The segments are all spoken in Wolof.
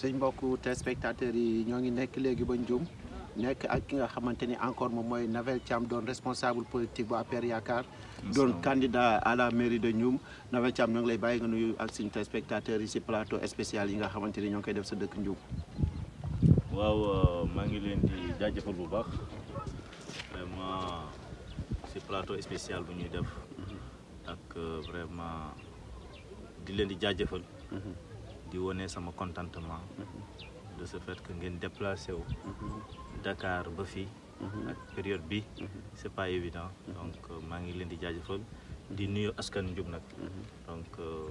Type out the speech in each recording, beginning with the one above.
suñ mbokku téléspectateurs yi ñoo ngi nekk léegi ba Ndioum nekk ak ki nga xamante ni encore moom mooy Navel Thiam doon responsable politique bu APR Yaakaar doon candidat à la mairie de Ndioum Navel Thiam ñoo ngi lay bàyyi nga nuyu ak suñu téléspectateurs yi si plateau spécial yi nga xamante ni ñoo koy def sa dëkk Ndioum waaw euh, maa ngi leen di jaajëfal bu baax vraiment si plateau spécial bu ñuy def mm-hmm. ak euh, vraiment di leen di jaajëfal mm-hmm. di wone sama contentement de ce fait que ngeen déplacé wu Dakar ba fii ak période bi c'est pas évident donc euh, maa ngi leen di jaajëfal di nuyu askan njub nag donc euh,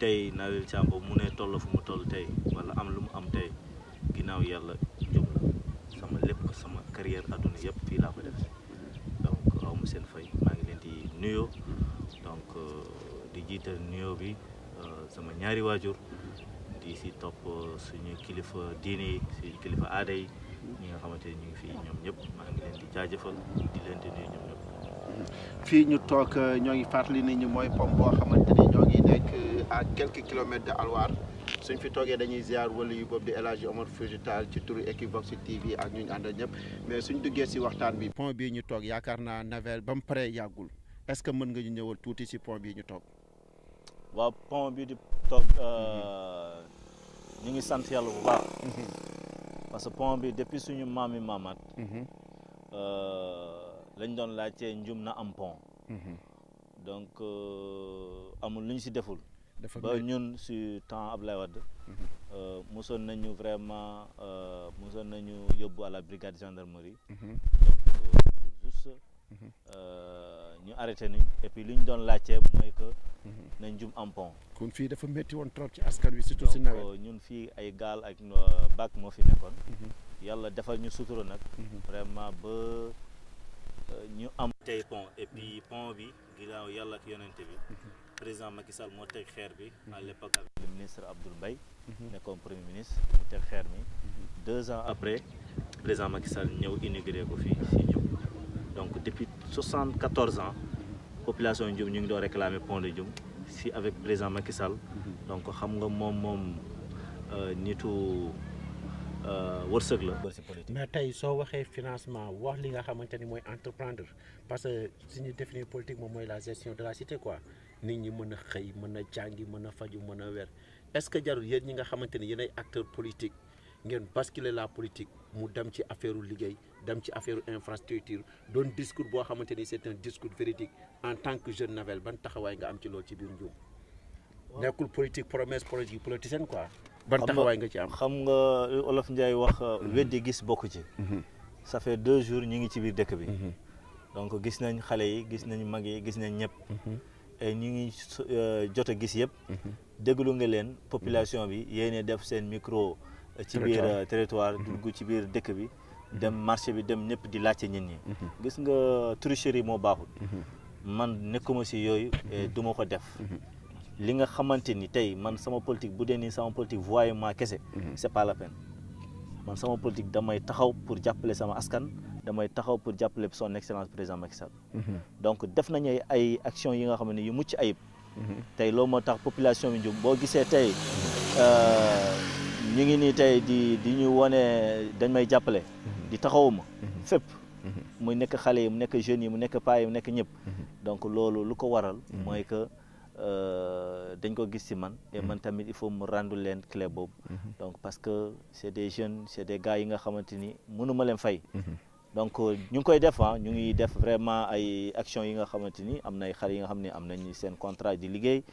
tey Nawel Thiam boobu mu ne toll fu mu toll tey wala am lu mu am tey ginnaaw yàlla njub la sama lépp sama carrière adduna yëpp fii laa ko def donc aw mu seen fay maa ngi leen di nuyu donc euh, di jiital nuyo bi sama ñaari waajur di si topp suñu kilifa diine yi suñu kilifa aada yi ñi nga xamante ni ñu ngi fi ñoom ñëpp maa ngi leen di jaajëfal di leen di nuyu ñoom ñëpp. Mm-hmm. fii ñu toog euh, ñoo ngi fàttali nit ñi mooy pom boo xamante ni ñoo ngi nekk ak euh, quelques kilomètres de Alwar suñ fi toogee dañuy ziar wala yu boobu di El Hadji Omar Foutiyou Tall ci turu Equivox TV ak ñu ñu àndal ñëpp mais suñ duggee si waxtaan bi pont bii ñu toog yaakaar naa navel ba mu paree yàggul est que mën nga ñu ñëwal tuuti si pont bii ñu toog. waa pont bi di toog euh, ñu ngi sant yàlla bu baax parce que pont bi depuis suñu maam yi maamaat euh, lañ doon laajtee njum na am pont donc euh, amul lu ñu si deful ba ñun si temps Ablaye Wade mosoon nañu vraiment mosoon nañu yóbbu à la brigade gendarmerie mhm. donc Euh, ñu arrêté ni et puis li ñu doon laajte mooy que. nañ jum am pon kon fii dafa métti woon trop ci askan wi surtout si nawet euh, ñun fii ay gaal ak euh, bac moo fi nekkoon. Mhm. yàlla defal ñu sutura nag. Mhm. vraiment ba ñu am. tey pont et pon pont bi ginnaaw yàlla ak yonente bi. Mhm. président Macky Sall moo teg xeer bi. à l'époque avec le ministre Abdoul Mbaye. nekkoon premier ministre mu teg xeer mi. deux ans après président Macky ñëw inauguré ko fii fii ñëw. donc depuis 74 ans population Ndioum ñu ngi doon réclamer pont de Ndioum si avec président Macky Sall donc xam nga moom moom euh, nitu euh, wërsëg la. mais tey soo waxee financement wax li nga xamante ni mooy entreprendre parce que si ñu définir politique moom mooy la gestion de la cité quoi nit ñi mën a xëy mën a jàngi mën a faju mën a wer est-ce que jarul yéen ñi nga xamante ni yéen ay acteurs politiques ngeen basculer la politique mu dem ci affaire liggéey. dem ci affaire infrastructure doon discours boo xamante ni c'est un discours véridique en tant que jeune Navel ban taxawaay nga am ci loolu ci biir Ndioum. nekkul politique promesse politique politicienne quoi. ban taxawaay nga ci am xam nga Olof Ndiaye wax. Euh, mhm. weddi gis bokk ci. Mhm. ça fait deux jours ñu ngi ci biir dëkk bi. Mhm. donc gis nañ xale yi gis nañ mag yi gis nañ ñëpp. et ñu ngi euh, jot a gis yëpp. déglu nga leen population bi yéen def seen micro. Euh, ci biir territoire dugg ci biir dëkk bi. dem marché bi dem ñëpp di laajte nit ñi. Mhm. gis nga tricherie moo baaxul. Mhm. man nekkuma si yooyu. Mhm. du ma ko def. li nga xamante ni tey man sama politique bu dee nii sama politique voyé ma kese. c'est pas la peine man sama politique damay taxaw pour jàppale sama askan. damay taxaw pour jàppale son excellence président Macky Sall. donc def nañu ay action yi nga xam ne yu mucc ayib. tey loolu moo tax population bi jóg boo gisee tey euh, ñu ngi nii tey di di ñu wone dañ may jàppale. di taxawu ma mhm. fépp mhm. muy nekk xale yi mu nekk jeunes yi mu nekk paa yi mu nekk ñëpp mhm. donc loolu lu ko waral mooy que euh, dañ ko gis si man et man tamit il faut mu rendu leen clé boobu donc parce que c' est des jeunes c' est des gars yi nga xamante ni mënuma leen fay donc euh, ñu ngi koy def ah ñu ngi def vraiment ay action yi nga xamante ni am na ay xale yi nga xam ne am nañu seen contrat di liggéey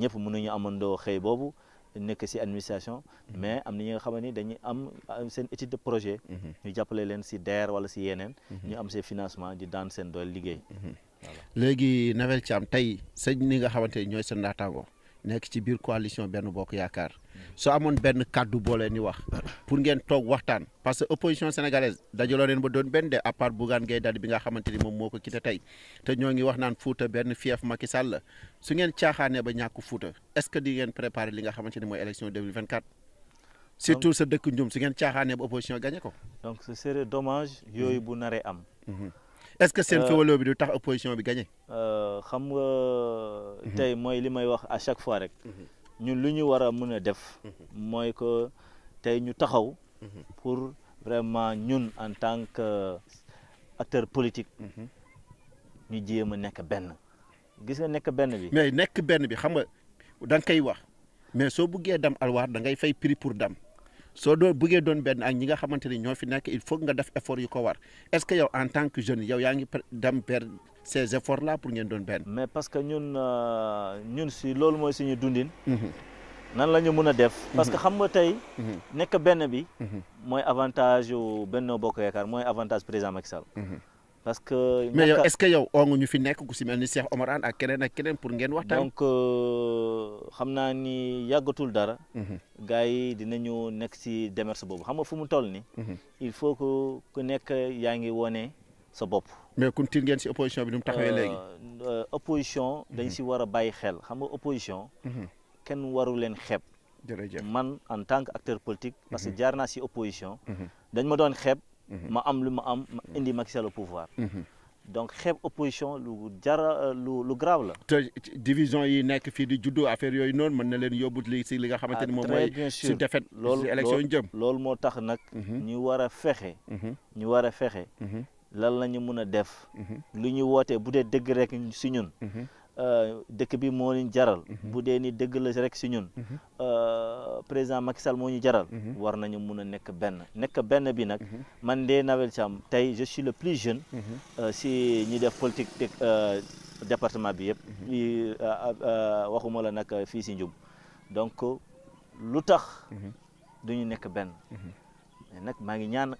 ñëpp mënuñu amandoo xëy boobu nekk si administration mhm. mais am na ñi nga xam ne dañuy am seen étude de projet mhm. ñu jàppale leen si DER wala si yeneen mhm. ñu am seen financement di daan seen doole liggéey léegi Navel Thiam tey sëñ ni nga xamante ñooy seen naataango nekk ci biir coalition benn bokk yaakaar soo amoon benn kàddu boo leen ni wax pour ngeen toog waxtaan parce que opposition sénégalaise dajaloo leen ba doon benn de à part Bougane Gueye bi nga xamante ni moom moo ko quitté tey te ñoo ngi wax naan Fouta benn fief Macky Sall la su ngeen caaxaanee ba ñàkk Fouta est-ce que di ngeen préparer li nga xamante ni mooy élection 2024 surtout sa dëkk Ndioum su ngeen caaxaanee ba opposition gagné ko. donc ce serait yooyu bu naree am. Mm-hmm. est-ce que seen euh, féewaloo bi du tax opposition bi gagné. Euh, xam nga. Mm-hmm. tey mooy li may wax à chaque fois rek. Mm-hmm. ñun lu ñu war a mën a def. mooy que tey ñu taxaw. pour vraiment ñun en tant que acteur politique. ñu jéem a nekk benn. gis nga nekk benn bi. mais nekk benn bi xam nga da nga wax mais soo buggee dem alwaar da ngay fay prix pour dem soo doo buggee doon benn ak ñi nga xamante ni ñoo fi nekk il faut nga def effort yu ko war est-ce que yow en tant que jeune yow yaa ngi dem per ces efforts là pour ngeen doon benn. mais parce que ñun euh, ñun si loolu mooy suñu dundin. Mhm. nan la ñu mën a def. Mhm. parce que xam nga tey. Mhm. nekk benn bi. mooy avantage yu benn Bokk Yaakaar mooy avantage président Macky Sall. parce que. mais yow est-ce que oo ñu fi nekk ku si mel ni Cheikh Omar Anne ak keneen ak keneen pour ngeen waxtaan. donc euh, xam naa ni yàggatul dara. gars yi ñu nekk si démarche boobu xam nga fu mu toll ni il faut que ku nekk yaa ngi wone. sa bopp. mais continué ngeen si opposition bi nu mu taxawee euh, léegi. Euh, opposition mhm. dañ si war a bàyyi xel xam opposition. Mhm. kenn waru leen man en tant que acteur politique. parce que mhm. jaar naa si opposition. dañ ma doon xeeb. ma am lu ma am ma indi Macky la au pouvoir. donc xeeb opposition lu jara lu grave la. te division yi nekk fii di juddu affaire yooyu noonu ma na leen yóbbu li si li nga xamante ni ah, moom mooy. si defet loolu moo tax nag. ñu war a fexe. ñu war a fexe. lan la ñu mun a def. Mhm. lu ñu wootee bu dee dëgg rek si ñun. Mhm. Euh, dëkk bi moo ñu jaral. Mhm. bu dee ni dëgg la rek si ñun. Euh, président Macky sal moo ñu jaral. war nañu mun a nekk benn nekk benn bi nag. man de Navel Thiam tey je le plus jeune. Euh, si ñi def politique département bi yëpp. waxuma la nag fii si Ndioum donc lu tax. du ñu nekk benn. nag maa ngi ñaan.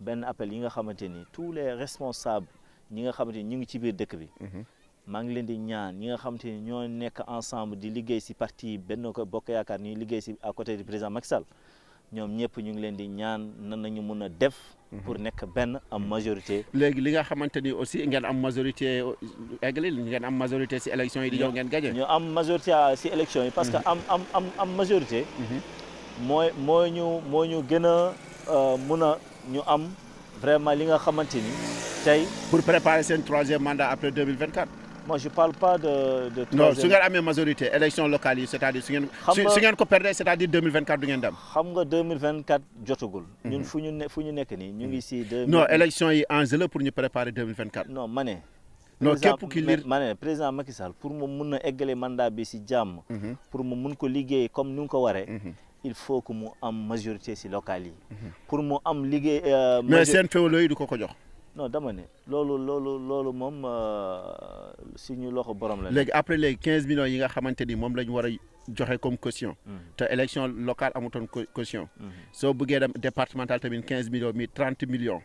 benn appel yi nga xamante ni tous les responsables ñi nga xamante ni ñu ngi ci biir dëkk bi. Mhm. maa ngi leen di ñaan ñi nga xamante ni ñoo nekk ensemble di liggéey si parti Benno Bokk Yaakaar ñuy liggéey si à côté du président Macky ñoom ñëpp ñu ngi leen di ñaan nan ñu mun a def. Mhm. pour nekk benn am majorité. léegi li nga xamante ni aussi ngeen am majorité eggali ngeen am majorité si élection yi di ñëw ngeen gagné. ñu am majorité si élection yi. parce que mhm. am am am am majorité. mooy moo ñu moo ñu ñu am vraiment li nga xamante ni tey. pour préparer seen troisième mandat après 2024. moi je parle pas de de. troisième non su ngeen amee majorité élection locale yi c'est-à-dire su ngeen. su ngeen ko perdee c'est-à-dire 2024 du ngeen dem. xam nga 2024 jotagul. Mhm. ñu fu ñu nekk nii ñu ngi mhm. si. non élection yi enjeu la pour ñu préparer 2024. non ma ne. non képp ki lire ma ne président Macky Sall mu mun a eggale mandat bi si jàmm. Mhm. pour mu mun ko liggéey comme ni mu ko waree. il faut que mu am majorité si locale yi. Mhm. pour mu am liggéey. Euh, mais seen féewaloo yi du ko ko jox. non dama ne loolu loolu loolu moom euh, suñu loxo borom la. léegi après léegi quinze yi nga xamante ni moom la ñu a joxe comme caution. Mhm. te élection locale amutoon caution. Mhm. soo bëggee dem tamit quinze mi trente millions.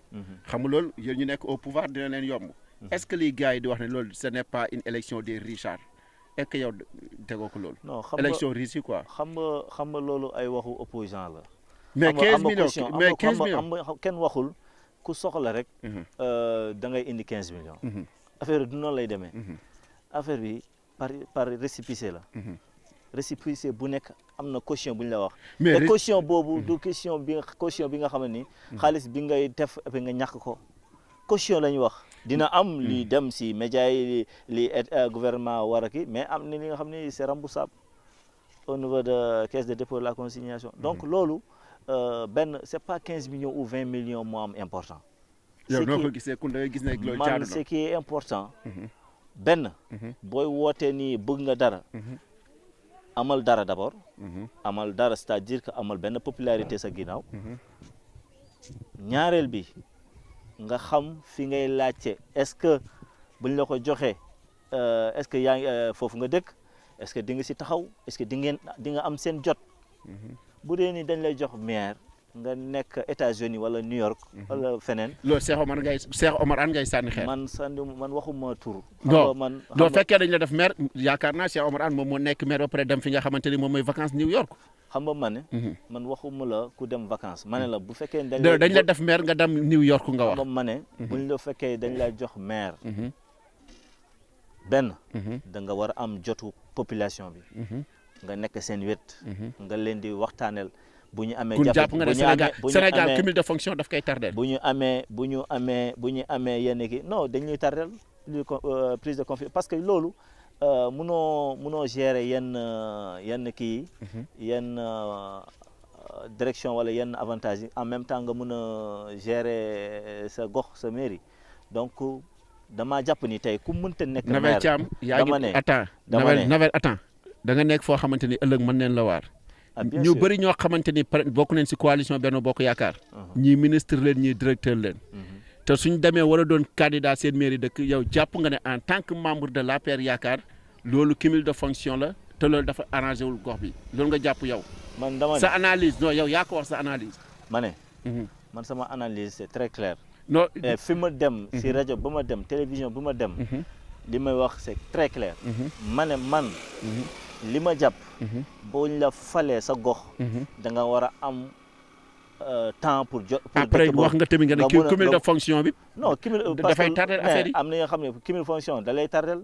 xam nga loolu ñu nekk au pouvoir dina leen yomb. est-ce que liy gars di wax ne loolu ce n'est pas une élection des richards. est que yow tegoo ko loolu. non xam nga élection risque quoi. loolu ay waxu opposant la. mais 15 millions mais 15 millions am nga kenn waxul ku soxla rek. Mhm. Euh, da ngay indi 15 millions. Mhm. affaire bi du noonu lay mhm. affaire bi par par la. récépissé bu nekk am na caution bu ñu la wax. mais te boobu du bi caution bi nga xam ni. xaalis bi ngay def nga ñàkk ko caution la ñu wax. dina am hmm. li dem si média yi li euh, gouvernement war a kii mais am na li nga xam ne c'est remboursable au niveau de caisse de dépôt de la consignation hmm. donc loolu euh, benn c'est pas quinze millions ou vingt millions moo am important man ce qui est important hmm. benn booy wootee nii bëgg nga dara amal dara d'abord amal dara c'est-à-dire que amal benn popularité sa ginnaaw ñaareel bi nga xam fi ngay laajte est-ce que buñ la ko joxee euh, est-ce yaa ngi euh, foofu nga dëkk est-ce que di nga si taxaw est-ce di ngeen di nga am seen jot. Mhm. bu dee ni dañ lay jox maire nga nekk États-Unis wala New York. Mhm. wala feneen. loolu Cheikh Omar ngay Cheikh Omar an ngay sànni xeer. man sànni man waxuma tur. xam fekkee dañ la def maire yaakaar naa Cheikh Omar an moom moo nekk maire ba pare dem fi nga xamante moom mooy vacances New York. xam nga ma ne. Mhm. man waxuma la ku dem vacances ma ne la bu fekkee. dañ la def maire nga dem New York nga wax. xam ma mhm. buñ la fekkee dañ la jox maire. Mhm. benn. da nga war a am jotu population bi. nga nekk seen wet. nga leen di waxtaaneel. bu ñu amee jàpp nga ne Sénégal Sénégal cumul de fonction daf koy tardel bu ñu amee buñu ñu amee bu ñu amee yenn ki non dañuy tardel euh, prise de confiance parce que loolu Euh, munoo munoo gérer yenn euh, yenn kii yi mhm. yenn euh, direction wala yenn avantage yi en même temps nga mun a gérer sa gox sa mairie donc damaa jàpp ni tey ku mënta nekk. Navel Thiam yaa ngi attends dama ne Navel attends nekk foo xamante ni ëllëg mën neen la waar. Ah, ñu bari ñoo xamante ni bokk nañ si coalition benn Bokk Yaakaar. Uh-huh. ñii ministre leen ñii directeur leen. Uh-huh. te suñ demee war a doon candidat seen mairie dëkk yow jàpp nga ne en tant que membre de l'APR yaakaar loolu cumul de fonction la te loolu dafa arrangé wul gox bi loolu nga jàpp yow. man dama sa analyse non yow yaa ko wax sa analyse. ma mhm. man sama analyse c'est très clair. non fi ma dem. Mhm. si rajo ba ma dem télévision ba ma dem. Mhm. li may wax c'est très clair. ma ne ma jàpp. boo la falee sa gox. da nga am. Euh, temps pour jot. pour après wax nga tamit nga ne cumul de fonction bi. non cumul dafay fonction da lay tardel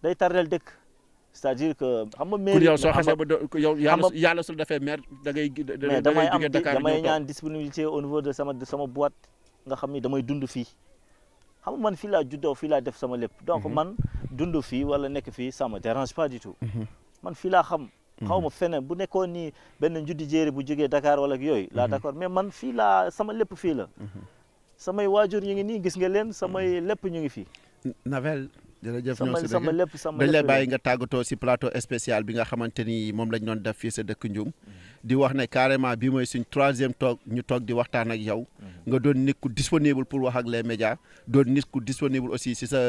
day tardel dire que. xam nga mairie soo xasee ba yow yàlla yàlla su defee maire da ngay. mais damay am damay ñaan disponibilité au niveau de sama de nga xam ni damay dund fii. xam man fii laa juddoo fii laa def sama lépp. donc mhm. man dund fii wala nekk fii sama me dérange pas du tout. Mhm. man fii xam. Mm-hmm. xaw ma bu nekkoon nii benn njuddi jéeri bu jógee dakaar wala ak yooyu laa mm-hmm. d'accord mais man fii laa sama lépp fii la mm-hmm. samay waajur ñu ngi nii gis nga leen samay lépp ñu ngi fii Navel jërëjëf ñoo si sama lépp sama dañ lay bàyyi nga tàggatoo si plateau spécial bi nga xamante ni moom lañ doon def fii sa dëkk Ndioum di wax ne carrément bi mooy suñ troisième toog ñu toog di waxtaan ak yow nga doon nit ku disponible pour wax ak les médias doon nit ku disponible aussi si sa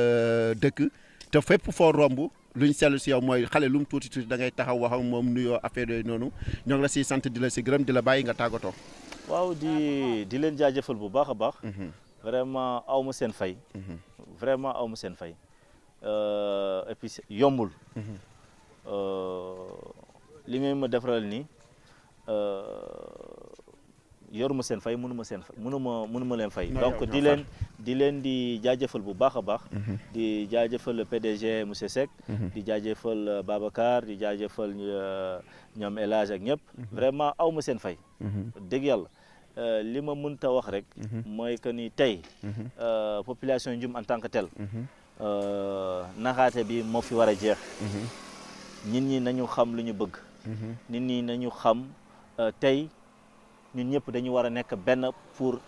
dëkk te fépp foo romb lu ñu seetlu si yow mooy xale lu mu tuuti tuuti da ngay taxaw wax ak moom nuyoo affaire yooyu noonu ñoo ngi la siy sant di la si gërëm di la bàyyi nga tàggatoo. waaw di di leen jaajëfal bu baax a baax. Mhm. vraiment aw ma seen fay. Mhm. vraiment aw ma seen fay. Euh, et yombul. Mhm. Euh, li ngay ma defaral nii. Euh, yoruma seen fay mënuma seen fay mënuma mënuma leen fay donc di leen di leen di jaajëfal bu baax a baax mhm. di jaajëfal PDG monsieur Seck mhm. di jaajëfal euh, Babacar di jaajëfal euh, ñoom El Hadj ak ñëpp mhm. vraiment aw ma seen fay dëgg yàlla euh, li ma mënta wax rek mooy que ni tey population Ndioum en tant que tel naxaate bi moo fi war a jeex nit ñi nañu xam lu ñu bëgg nit ñi nañu xam tey ñun ñëpp dañu war a nekk benn pour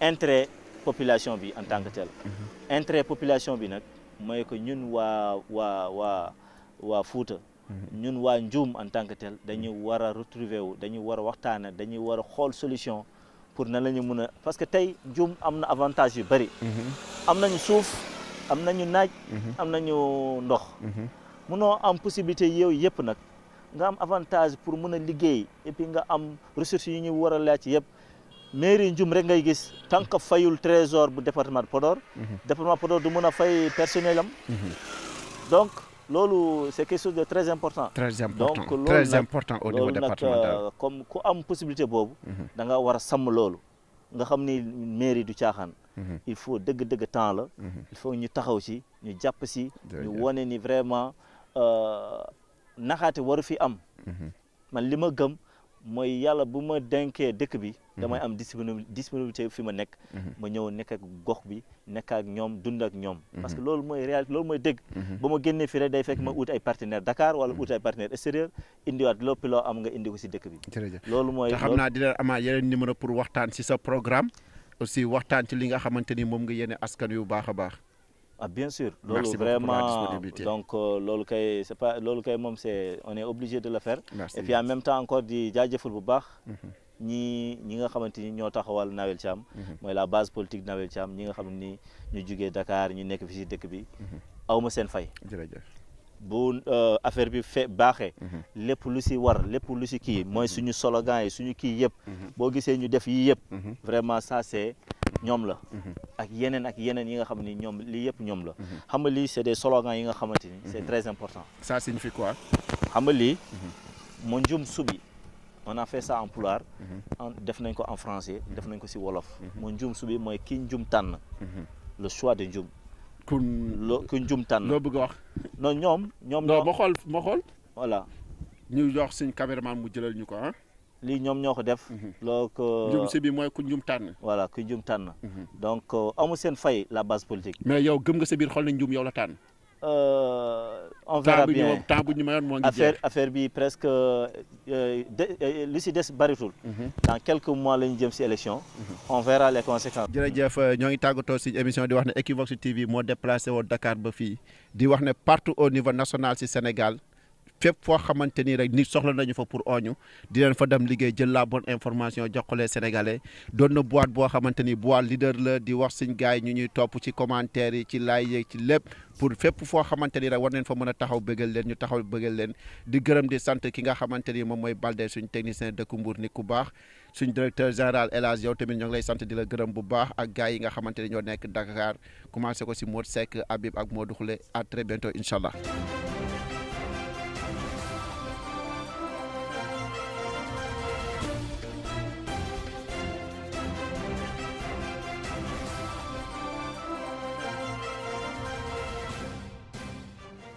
intérêt population bi en tant que tel. Mhm. intérêt population bi nag mooy que ñun waa waa waa waa Fuuta. Mhm. ñun waa Njuum en tant que tel dañu mhm. war a retrouver wu dañu war a waxtaana dañu war a xool solution pour na la ñu mun a parce que tey Njuum am na avantage yu bëri. am nañu suuf am nañu naaj. am nañu ndox. munoo am possibilité yow yëpp nag. nga am avantage pour mën a liggéey et puis nga am ressources yi ñu war a laaj yëpp mairie Ndioum rek ngay gis tant que fayul trésor bu département de Podor. Mhm. département Podor du mën a fay personnel am. Mhm. donc loolu c' est chose de très important. très important donc loolu très important au niveau euh, am possibilité boobu. Mhm. da nga war a loolu. nga xam ni mairie du caaxaan. il faut dëgg-dëgg temps la. il faut ñu taxaw ci ñu jàpp si. ñu wane ni vraiment. Euh, naxaate waru fi am mhm. man li ma gëm mooy yàlla bu ma denkee dëkk bi mhm. damay am disponibilité disponibilité fi ma nekk mhm. ma ñëw nekk ak gox bi nekk ak ñoom dund ak ñoom parce que loolu mooy réalité loolu mooy dëgg ba ma génnee fi rek day fekk ma ut ay partenaire Dakar wala ut ay partenaire extérieur indiwaat lépp loo am nga indi ko si dëkk bi loolu mooy te xam naa dina amaa yeneen numéro pour waxtaan si sa programme aussi waxtaan ci li nga xamante ni moom nga yéene askan yu baax a ah bien sûr loolu vraiment donc euh, loolu kay c'est pas moom c'est on est obligé de le faire et puis en même temps encore di jaajëfal bu baax mhm. ñi ñi nga xamante ni ñoo taxawal Nawel Thiam mhm. mooy la base politique Nawel Thiam ñi nga xam ni ñu jugee Dakar ñu nekk fi si dëkk bi mhm. aw ma seen fay bu euh, afaire bi fe baaxee lépp lu si war lépp lu si kii mooy suñu slogan yi suñu kii yëp boo gisee ñu def yi yëpp vraiment ça c'est ñoom la ak yeneen ak yeneen yi nga xam ni ñoom lii yëpp ñoom la xam nga lii c'est des slogans yi nga xamante ni c'est très important ça signifie quoi xam nga lii mo mhm. njum subi on a en pulaar mhm. def nañ ko en français mhm. def nañ ko si wolof mo njum subi mooy ki njum tànn le choix de njum kun ku njum tànn loo bëgg wax non ñoom ñoom non ma xool ma xool voilà ñu jox suñ caméraman mu jëlal ñu ko ah lii ñoom ñoo ko def. Mhm. loo ko njum si bi mooy ku njum tànn. voilà ku njum tànn. Mhm. donc euh, amul seen fay la base politique. mais yow gëm nga si biir xool na njum yow la tànn. Euh, on verra bien bu ñu mayoon moo ngi affaire affaire bi presque euh, de li si des baritul. Mhm. dans quelques mois la ñu jëm si élection. on verra les conséquences. jërëjëf ñoo ngi tàggatoo si émission di wax ne Equivox TV moo déplacé woo Dakar ba fii di wax ne partout au niveau national si Sénégal. fépp foo xamante ni rek nit soxla nañu fa pour oñu di leen fa dem liggéey jël laa bonne information jox ko les sénégalais doon na boîte boo xamante ni boîte leader la di wax suñ gars yi ñu ñuy topp ci commentaire yi ci laay yeeg ci lépp pour fépp foo xamante ni rek war neen fa mën a taxaw bëggal leen ñu taxaw bëggal leen di gërëm di sant ki nga xamante ni moom mooy Balde suñ technicien dëkku Mbour ni ku baax suñ directeur général El Hadj yow tamit ñoo ngi lay sant di la gërëm bu baax ak yi nga xamante ni ñoo nekk Dakar commencé ko si Modou Seck Habib ak Modou Khoule à très bientôt incha allah